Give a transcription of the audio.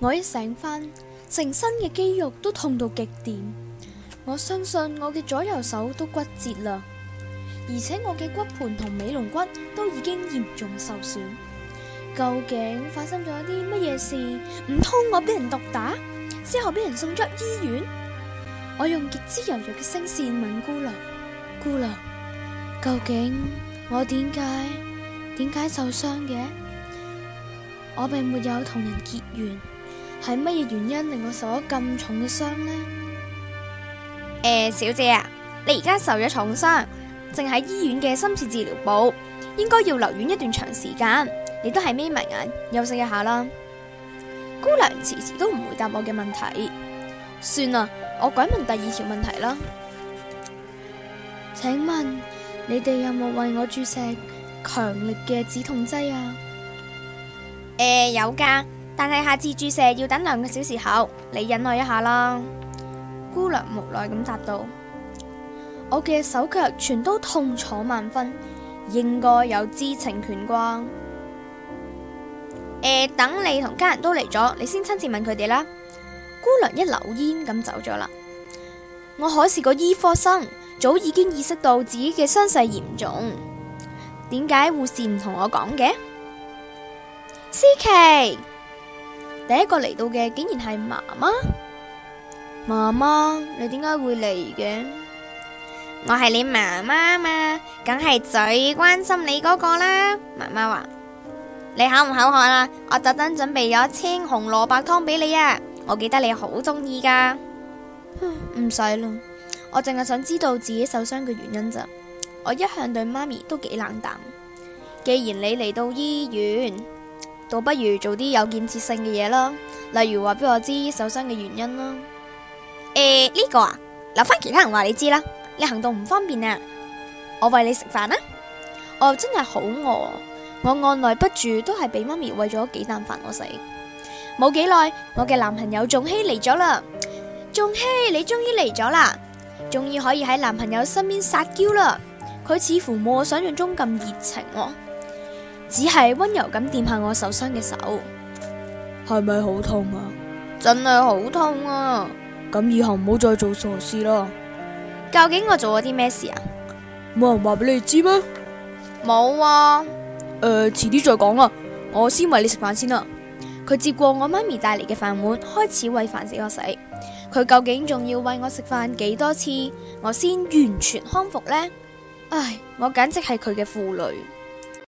我一醒翻，成身嘅肌肉都痛到極點。我相信我嘅左右手都骨折啦，而且我嘅骨盆同尾龍骨都已經嚴重受損。究竟發生咗啲乜嘢事？唔通我俾人毒打，之後俾人送咗入醫院？我用極之柔弱嘅聲線問姑娘：姑娘，究竟我點解，點解受傷嘅？我並沒有同人結怨。係乜嘢原因令我受咗咁重嘅傷呢？誒、欸，小姐啊，你而家受咗重傷，正喺醫院嘅深切治療部，應該要留院一段長時間。你都係眯埋眼休息一下啦。姑娘遲遲都唔回答我嘅問題，算啦，我改問第二條問題啦。請問你哋有冇為我注射強力嘅止痛劑啊？誒、欸，有㗎。但係下次注射要等兩個小時後，你忍耐一下啦。姑娘無奈咁答道：我嘅手腳全都痛楚萬分，應該有知情權啩。呃，等你同家人都嚟咗，你先親自問佢哋啦。姑娘一溜煙咁走咗啦。我可是個醫科生，早已經意識到自己嘅傷勢嚴重，點解護士唔同我講嘅？思琪。第一個嚟到嘅竟然係媽媽，媽媽你點解會嚟嘅？我係你媽媽嘛，梗係最關心你嗰個啦。媽媽話：你口唔口渴啦？我特登準備咗青紅蘿蔔湯俾你啊！我記得你好中意噶。哼，唔使啦，我淨係想知道自己受傷嘅原因咋。我一向對媽咪都幾冷淡，既然你嚟到醫院，倒不如做啲有建設性嘅嘢啦，例如話畀我知受傷嘅原因啦。誒、欸，呢、這個啊，留翻其他人話你知啦。你行動唔方便啊，我餵你食飯啊。我真係好餓，我按捺不住，都係俾媽咪餵咗幾啖飯我食。冇幾耐，我嘅男朋友仲希嚟咗啦。仲希，你終於嚟咗啦，終於可以喺男朋友身邊撒嬌啦。佢似乎冇我想象中咁熱情喎。只係溫柔咁掂下我受傷嘅手，係咪好痛啊？真係好痛啊！咁以後唔好再做傻事啦。究竟我做咗啲咩事啊？冇人話俾你知咩？冇啊。誒、呃，遲啲再講啦，我先餵你食飯先啦。佢接過我媽咪帶嚟嘅飯碗，開始餵飯食我食。佢究竟仲要餵我食飯幾多次，我先完全康復呢？唉，我簡直係佢嘅負累。